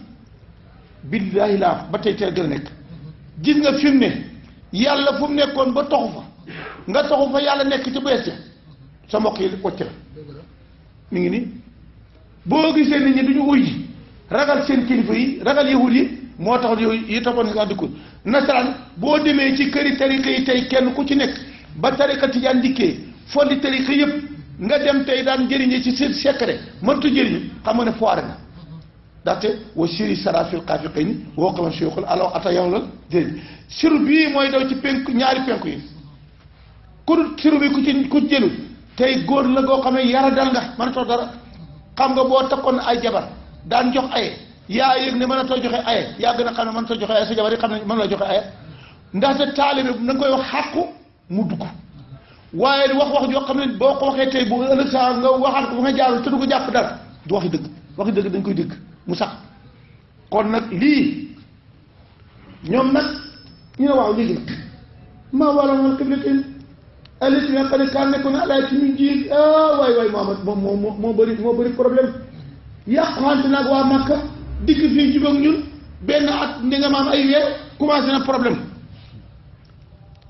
billaahi laa ba tey teel gën a nekk gis nga fi mu ne yàlla fu mu nekkoon ba toxu fa nga toxu fa yàlla nekk ci bees sa mbokk yi wàcc la mi ngi nii boo gisee nit ñi du ñu uy ji ragal seen kilifa yi ragal yahud yi moo tax yow yi toppoon nga dugg nasaraan boo demee ci këri tariqa yi tey kenn ku ci nekk ba tariqa tijaan dikkee folli tariqa yëpp nga dem tey daan jëriñe ci seen secret mëntu jëriñu xam nga ne foire nga ndaxte wa siri sarafil xaafi xëy ni woo xaman siyxul alaw ata yow la jëriñ siru bii mooy daw ci penku ñaari penku yi ku siru bi ku ci ku jëlu tey góor la goo xam ne yara dal nga mënatoo dara xam nga boo takkoon ay jabar daan jox aye yaa yëg ne mënatoo joxe aye yaa gën a xam ne mënatoo joxe aye xam ne mën la joxe aye ndaxte taalibe na nga koy wax xàqu mu dugg waaye wax wax yoo xam ne boo ko waxee tey bu ëllëg saa nga waxal ko ba nga jaarul ko jàpp dara du waxi dëgg koy dégg mu sax kon nag lii ñoom nag ñu ne waaw léegi nag maa waral man xiblatin alati nga xam ne kaan nekkoon na alaay ci ñu jiir ah waay waay moo moo moo bëri moo bëri problème yàqante waa Màkka dikk fii jubag ñun benn at ni nga maam ay weer commencé na problème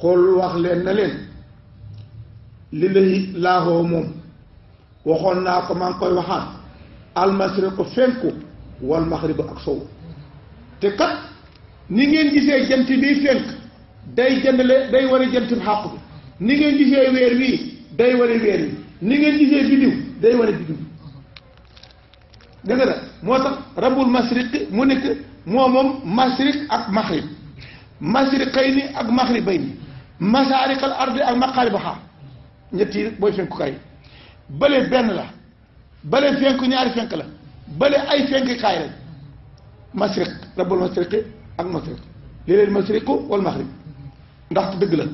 xool wax leen na leen للي لا هو موم وخون ناكو من قوي وحان المسرق فنكو والمغرب أكسو تكت نيجي جيسي جنتي بي فنك داي جنلي داي وري جنتي بحق نيجي جيسي ويروي داي وري ويروي نيجي جيسي بيديو داي وري بيديو دغرا موتا رب المشرق مونيك موموم مشرق اك مغرب مشرقين اك مغربين مشارق الارض اك مغاربها ñett yi mooy fenkukaay bële benn la bële fenku ñaari fenk la bële ay fenk kaay lañ masriq rabbul masriqi ak masriq lii leen masriqu wal maxrib ndax dëgg la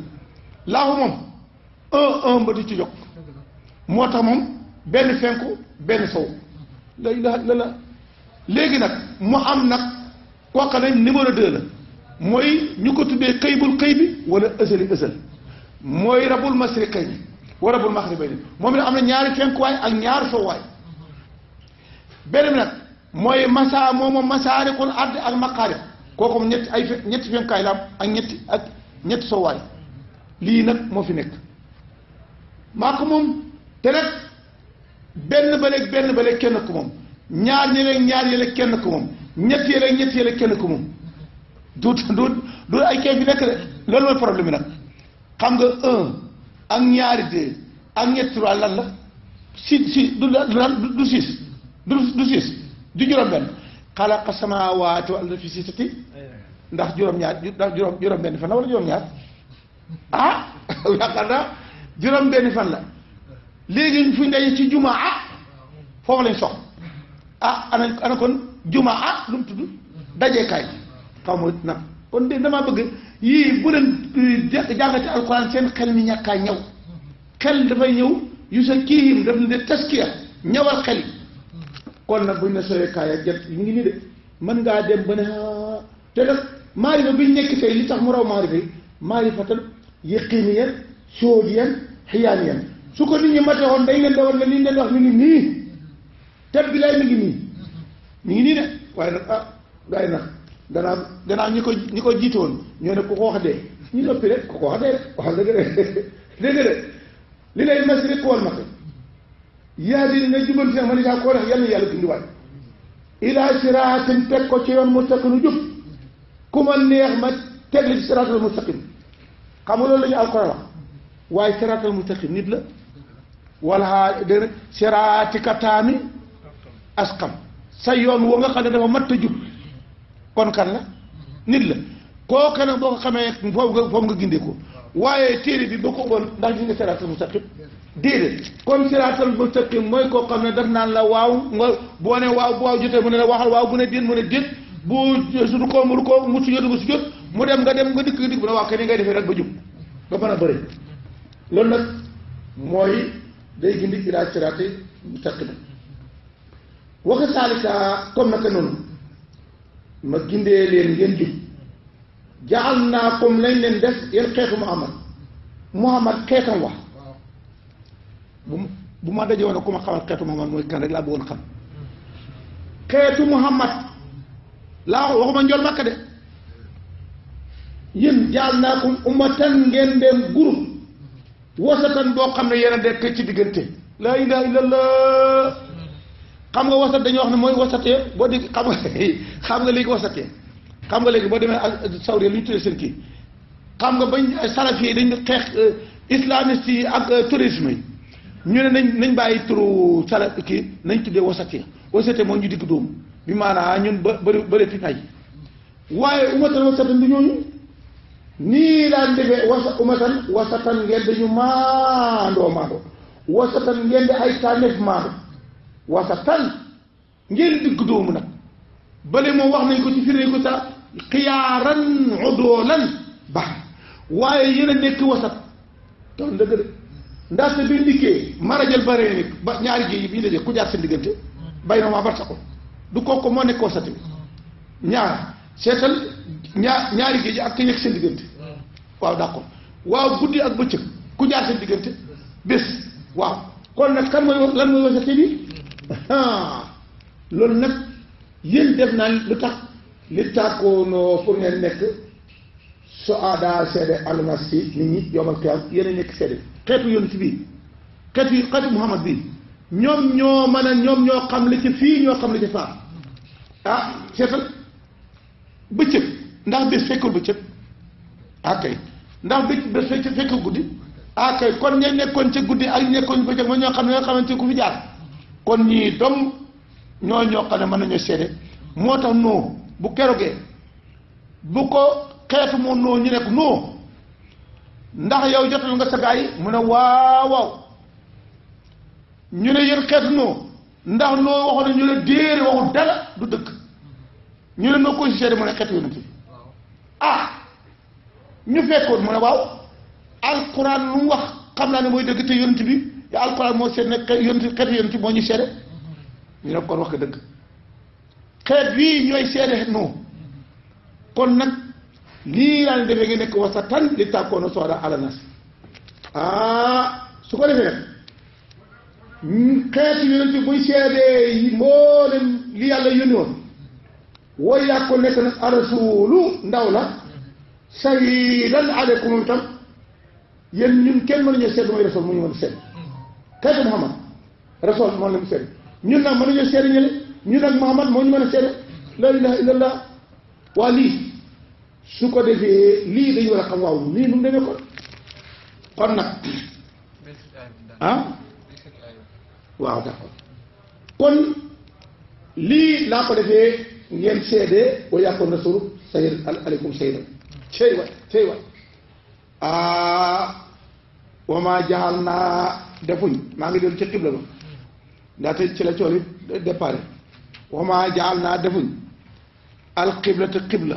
laaxu moom un un du ci jokk moo tax moom benn fenku benn sow la ilaha illa la léegi nag mu am nag wax nañ numéro deux la mooy ñu ko tuddee këy bul këy bi wala ësali ësal mooy rabul masriqayni wara bul maxribay ni moom itam am na ñaari fenkuwaay ak ñaari sowwaay benn bi nag mooy masa moomoom masaariqul ard ak maqaari kooku moom ñetti ay ñetti fenkuwaay la ak ñetti ak ñetti sowwaay lii nag moo fi nekk maa ko moom te nag benn bëleeg benn bëleeg kenn ko moom ñaar ñëleeg ñaar yëleeg kenn ko moom ñett yëleeg ñett yëleeg kenn ko moom duut duut duut ay kee fi nekk de loolu mooy problème bi nag xam nga un ak ñaari deux ak ñetti trois lan la si si du du du six du du six du juróom-benn xalaqa samaawaati wal arda fi sittati ndax juróom-ñaar ndax juróom juróom-benn fan la wala juróom-ñaar ah yaakaar *laughs* naa juróom-benn fan la léegi fu ñu foofu lañ sox ah ana ana kon jumaa ah, lu mu tudd dajeekaay xaw ma nag kon de bëgg. yii bu leen eh, jàng ci alquran seen xel mi ñàkkaa ñëw xel dafay ñëw yu sa kiihim daf ne taskiya ñawal xel yi kon nag buñ ne soyekaay ak jot yi ngi ni de mën ngaa dem ba ne ah, te nag maarifa biñ nekk tey li tax mu raw maarifa yi maarifatan yëqiiniyan soodiyan xiyaaniyan su ko nit ñi mate woon dañ leen doon ne liñ leen wax mi ngi nii tab bi lay mi ngi nii mi ngi nii de waaye nag ah gars nag gannaaw danaa ñi ko ñi ko jiitoon ñoo ne ku ko wax dee ñu noppi rek ku ko wax dee rek de *laughs* dégg nga de li lay masrik wal maghrib yahdi nga jubal fi man yaa koo def yal na yàlla dundiwaat ci yoon mustaqim jub ku ma neex ma teg li ci siraatal xam nga loolu la ñu alquran wax waaye siraatal mustaqim la wala dégg nga siraati sa yoon woo nga xam ne dafa mat jub. kon kan la nit la koo nag boo ko xamee foofu nga foofu nga gindee ko waaye téere bi boo ko ubboon ndax gis nga siraatal mustaqim déedéet kon siraatal mustaqim mooy koo xam ne daf naan la waaw nga boo ne waaw bu waaw jotee mu ne waxal waaw bu ne déet mu ne déet bu sudu koo mu koo mu sujjóot mu sujjóot mu dem nga dem nga dikk nga dikk mu ne waaw kenn ngay defee rek ba jub ba mën a bëri loolu nag mooy day gindi ilaa siraati mustaqim waxe saalika comme naka noonu ma gindee leen ngeen jub jaxal naa comme lañ leen def yéen xeetu Muhammad Muhammad xeetam wax bu ma dajee woon ku ma xamal xeetu Muhammad mooy kan rek laa bëggoon xam xeetu Muhammad laa waxuma njool makka de yéen jaal naa ko ummatan ngeen dem groupe wasatan boo xam ne yéen a dekk diggante laa ilaaha illallah xam nga wasat dañuy wax ne mooy wasatee boo di xam nga *laughs* xam nga léegi wasatee xam nga léegi boo demee ak sawri lu ñu tuddee kii xam nga bañ salaf yi dañ xeex euh, islamiste yi ak euh, tourisme ñu ne nañ nañ bàyyi turu salaf kii nañ tuddee wasatee wasatee moo ñu digg dóomu bi maanaam ñun ba bëri bëri fi nay waaye umatan wasatan du ñu nii daan defee wasa umatan wasatan ngeen dañu maandoo maandoo wasatan ngeen di ay tànneef maandoo wasatan ngeen digg doomu nag bële moom wax nañ ko ci firee ko sa xiyaaran udoolan baax waaye yéen a nekk wasat doon dëgg de ndax te bi ndikkee marajal baree ni ba ñaari géej yi ku jaar seen diggante bay na maa barta ko du kooku moo nekk wasat ñaar seetal ñaari géej ak ki nekk seen waaw d'accord waaw guddi ak bëccëg ku jaar seen diggante bés waaw kon nag kan mooy lan mooy wasat bi loolu nag yéen def naa lu tax li tàkkoonoo fu ngeen nekk so aada seede almas si nit ñi yomal xew yéen nekk seede xeetu yonent bii xeetu yi xeetu Muhammad bii ñoom ñoo mën a ñoom ñoo xam li ci fii ñoo xam li ci faa ah seetal bëccëg ndax bés fekkul bëccëg akay ah, ndax bés fekku guddi akay ah, kon ña nekkoon ca guddi ak nekkoon bëccëg ma ñoo xam ne ñoo xamante ku fi jaar kon ñii dom ñoo ñoo xam ne mën nañu seede moo tax noo bu kerogee bu ko xeetu moo noo ñu nekk noo ndax yow jotul nga sa gaay yi mu ne waaw waaw ñu ne yéen xeetu noo ndax noo waxoon ne ñu ne déer waxul dara du dëkk ñu ne noo koy seede mu ne xeetu yonent bi ah ñu fekkoon mu ne waaw alquran lu mu wax xam naa ne mooy dëgg te yonent bi yaa alxuraan moo seet ne yonti xeetu yonti moo ñu seede ñu ne kon wax ko dëgg xeet wii ñooy seede nu kon nag nii laa ne defee nga nekk wasatan li tàkkoona sooda alanas ah su ko defee nag xeetu yonti buy seedee mboolem li yàlla yónni woon wooy yaa ko nekk nag arasuulu ndaw la sawiidan aleykum itam yéen ñun kenn mënuñu seet mooy rasul mu ñu mën seet kaytu Muhammad rasul moo leen seede ñun nag mënuñu seede ñële la ilaha illallah waa lii su ko defee lii dañu war kon kon nag ah waaw d'accord kon lii laa ko defee ngeen seede wa yàkkoon rasul sayid aleykum sayida cey waay cey ah, ma jaxal defuñ maa ngi dellu ci ci la cool it déparé naa defuñ al xibla te xibla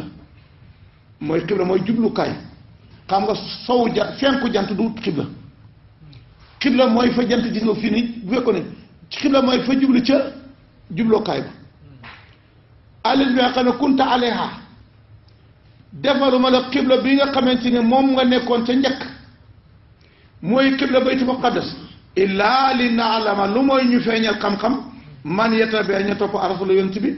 mooy xibla mooy jublukaay xam nga sow ja fenku jant du xibla xibla mooy fa jant gis nga fii nii bu fekkoon ne xibla mooy fa jublu ca jublookaay ba alil bi nga xam ne kunta aleha defaruma la xibla bi nga xamante ne moom nga nekkoon ca njëkk mooy xibla baytu muqaddas illaa li naalama lu mooy ñu feeñal xam-xam man yetta bee ña topp arasula yonent bi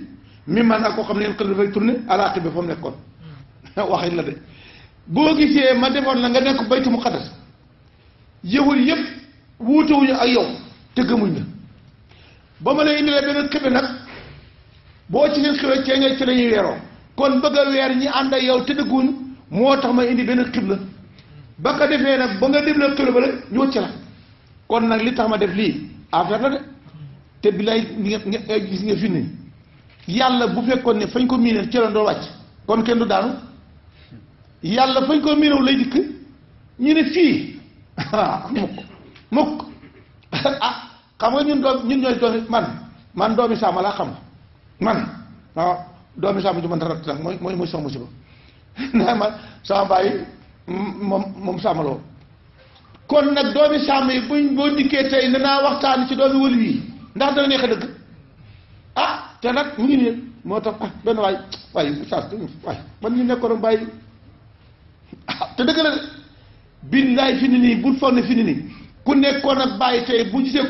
mi man ak ko xam ne yéen xel dafay tourné alaaqi bi fa mu nekkoon *laughs* waxit la de boo gisee ma defoon la nga nekk baytu mu xadas yëwul yëpp wuutewuñu ak yow te gëmuñ la ba ma lay indilee beneen xibi nag boo ci leen xiwee cee ci la ñuy weeroo kon bëgg a weer ñi ànd ak yow te dëgguñ moo tax ma indi beneen xib la ba ko defee nag ba nga dem leen xibla ba rek ñu wëcc la kon nag li tax ma def lii affaire la de te billaay nga gis nga fi ni yàlla bu fekkoon ne fañ ko miinee ci la doon wàcc kon kenn du daanu yàlla fañ ko miinew lay dikk ñu ne fii *laughs* ah, mukk mukk *laughs* ah xam nga ñun doom ñun ñooy doomi man man doomi saama laa xam man waaw doomi saama ju man dara nag mooy mooy mooy sama musiba *laughs* nee man moom moom kon nag doomi sàmm yi buñ boo dikkee tey danaa waxtaan ci doomi wëlu yi ndax dana neex a dëgg ah te nag mu ngi nii moo tax ah benn waay waay oustaz waay man ñu nekkoon bàyyi ah te dëgg la ni nii bul foog ne fi ni nii ku nekkoon ak bu gisee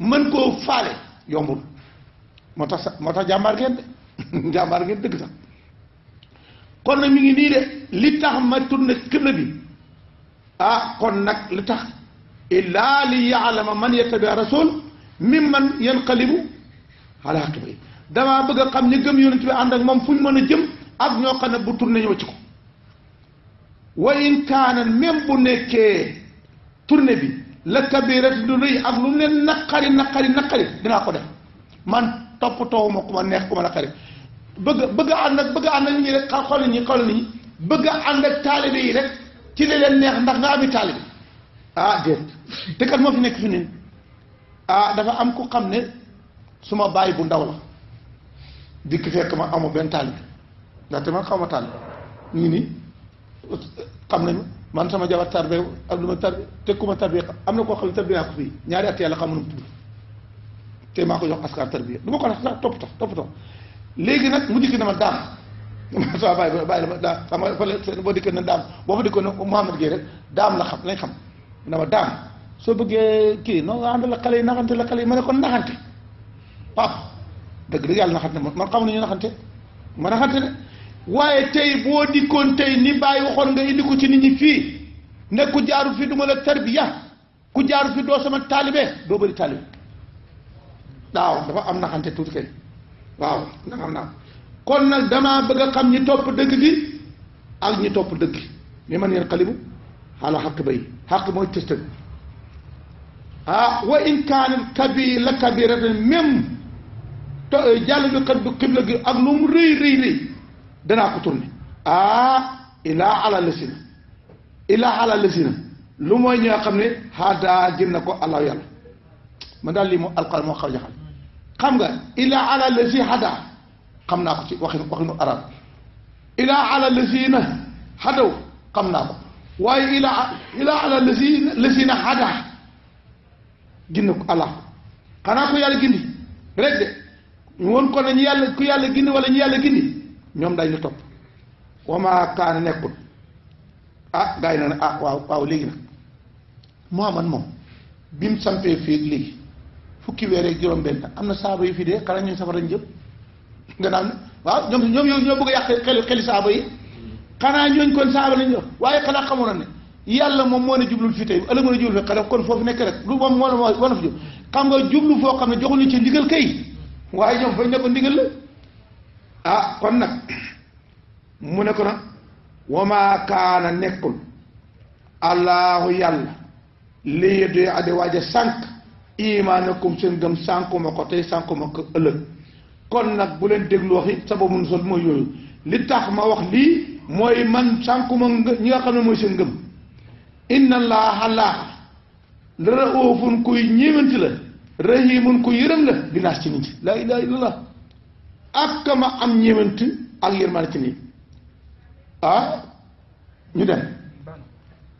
mën koo faale yombul tax sa moo tax jàmbaar ngeen de *laughs* jàmbaar nag mi ngi nii de li tax ma na këble bi. ah kon nag li tax illaa li yaalama man yettabia rasul mim man yanqalibu ala aqibai damaa bëgg a xam ñi gëm yonent bi ànd ak moom fu ñu mën a jëm ak ñoo xam ne bu tourné ñëw ci ko wa in kaana même bu nekkee tourné bi la kabirat du rëy ak lu leen naqari naqari naqari dinaa ko def man toppatoo ma ku ma neex ku ma naqari bëgg bëgg ànd ak bëgg ànd ak ñi rek xal xool ñi xool ñi bëgg ànd ak taalibe yi rek ci li leen neex ndax nga ami taalib ah déet te kat moo fi nekk fi ne ah dafa am ku xam ne suma baay bu ndaw la dikk fekk ma amu benn taalib ndaxte man xaw ma taalib ñu ni xam nañu man sama jabar tarbe ak lu ma tarbe te ku ma tarbe am na koo xam ne tarbe naa ko fii ñaari at yàlla xamu nu mu tudd te maa ko jox askan tarbiya du ma ko tax topp tax topp tax léegi nag mu dikk na ma daam *laughs* sa bàyyi ba bàyyi la daa xam nga fa boo dikkoon ne daam boo fa dikkoon ne Mouhamed Gueye rek daam la xam lañ xam na ma daam soo bëggee kii non ànd la xale yi naxante la xale yi ma ne kon naxante pap dëgg dëgg yàlla naxante man xam nañu naxante ma naxante ne waaye tey boo dikkoon tey ni bàyyi waxoon nga indi ko ci nit ñi fii ne ku jaaru fi du ma la tarbiya ku jaaru fi doo sama taalibe doo bëri taalibe daaw dafa am naxante tuuti kay waaw ndax am naa kon nag damaa bëgg a ñi topp dëgg gi ak ñi topp dëgg gi mais man yeen xalibu xaala xaq mooy tëstëg ah wa in kaanat la kabiratan même te euh, jàll bi kat ak lu mu rëy rëy rëy danaa ko tourné ah ilaa ala lasina ilaa ala lasina lu mooy ñoo xam ne xaadaa jëm ko allahu yàlla man daal lii moo alqal moo xaw jaxal ilaa ala lasi xadaa xam naa ko ci waxin waxinu arab ilaa ala lësiina xadaw xam naa ko waaye ilaa ilaa ala lësiina lësiina xadaa gindi ko allah xanaa ko yàlla gindi rek de ñu woon ko ne ñu yàlla ku yàlla gindi wala ñu yàlla gindi ñoom dañ ñu topp wama kaana nekkul ah gars yi na ne ah waaw waaw léegi nag Muhammad moom bi mu sampee fii léegi fukki weer juróom-benn am na saaba yu fi dee xanaa ñooy safara njëpp nga naan waaw ñoom ñoom ñoo bëgg a yàq xel xeli saaba yi xanaa ñooñ kon saaba lañ wax waaye xanaa xamoon ne yàlla moom moo ne jublul fi tey ëllëg moo ne jublu fi xanaa nekk rek lu moom moo la moo la fi jub xam nga jublu foo xam ne joxuñu ci ndigal kay waaye ñoom fañ ne ko ndigal la ah kon nag mu ne ko nag wamaa kaana nekkul allahu yàlla li yeddoy ade waaja sànq imaanakum seen gëm sànkuma ko tey sànkuma ko ëllëg kon nag bu leen déglu waxi sababu sol mooy yooyu li tax ma wax mooy man sànkuma ñi xam ne mooy seen ngëm inna laaha laaha la raoofun kuy ñéemanti la rahimun kuy yërëm la binaas ci la laa ilaha illallah ak ka ma ci nit ah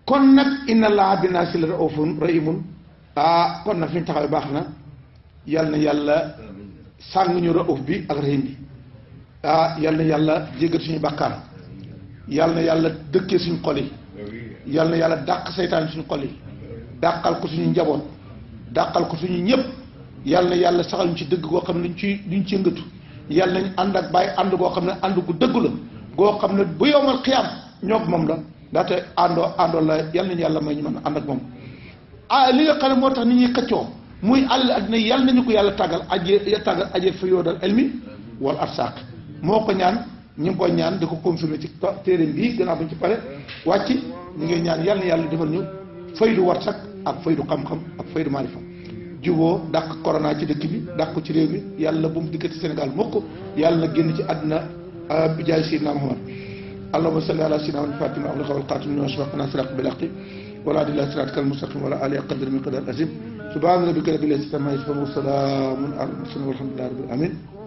kon nag inna laaha binaas la raoofun ah, kon nag fi ñu taxawee baax na yàlla na yàlla sàng ñu rauf bi ak rahim bi ah yal na yàlla jéggal suñu bàkkaar yal na yàlla dëkkee suñu xol yi yal na yàlla dàq seytaan suñu xol yi dàqal ko suñu njaboot dàqal ko suñu ñëpp yal na yàlla saxal ñu ci dëgg goo xam ne duñ ci duñ ci yëngatu yal nañ ànd ak bàyyi ànd goo xam ne ànd ku dëggu la goo xam ne bu yow yowmal xiyaam ñoog moom la ndaxte àndoo àndoo la yal nañu yàlla may ñu mën a ànd ak moom ah li nga xam ne moo tax nit ñi xëccoo muy àll addina yàlla nañu ko yàlla tàggal aje tàggal aje fa yoodal elmi wala arsaq moo ko ñaan ñu ngi koy ñaan di ko confirmer ci téeréem bii gannaaw buñ ci pare wàcc ñu ngi ñaan yàlla na yàlla defal ñu faydu warsak ak faydu xam-xam ak faydu maarifa juboo dàq corona ci dëkk bi dàq ko ci réew bi yàlla bu mu diggante Sénégal mukk yàlla na génn ci àddina euh, bi jaay Seydina Muhammad allahumma salli ala sayyidina Muhammad fatima abdul xawal xaatim ñu sbaq nasraq bilaqi ولا عدل الله صراطك المستقيم ولا علي قدر من قدر أزم سبحان ربك رب العزة ما يصفون وسلام على المرسلين والحمد لله رب العالمين